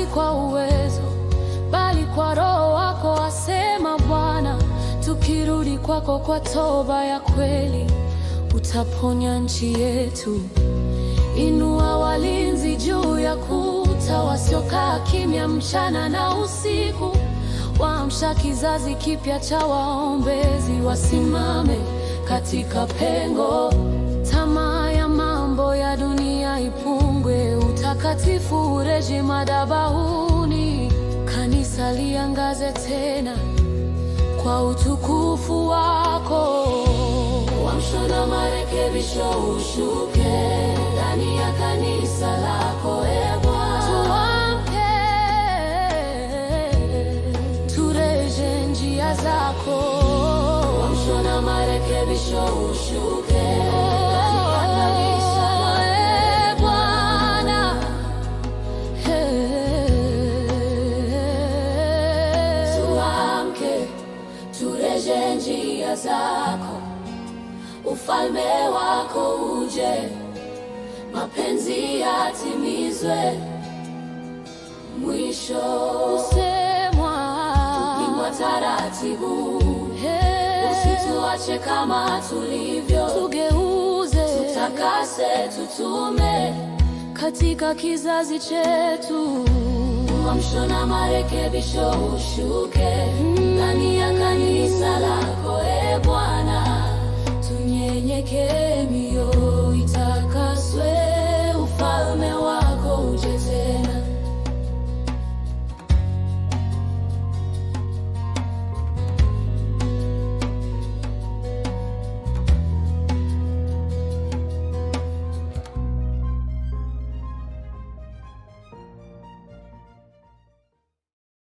si kwa uwezo, bali kwa Roho wako, asema Bwana. Tukirudi kwako kwa toba ya kweli, utaponya nchi yetu. Inua walinzi juu ya kuta, wasiokaa kimya mchana na usiku, waamsha kizazi kipya cha waombezi, wasimame katika pengo mtakatifu ureje madhabahuni, kanisa liangaze tena kwa utukufu wako. Uamsho na marekebisho ushuke ndani ya kanisa lako, e Bwana, tuamke tureje njia zako. Uamsho na marekebisho ushuke tureje njia zako, ufalme wako uje, mapenzi yatimizwe. Mwisho usemwa tupimwa taratibu, hey, usituache kama tulivyo, tugeuze, tutakase, tutume katika kizazi chetu, uamsho na marekebisho ushuke hmm. ndani ya came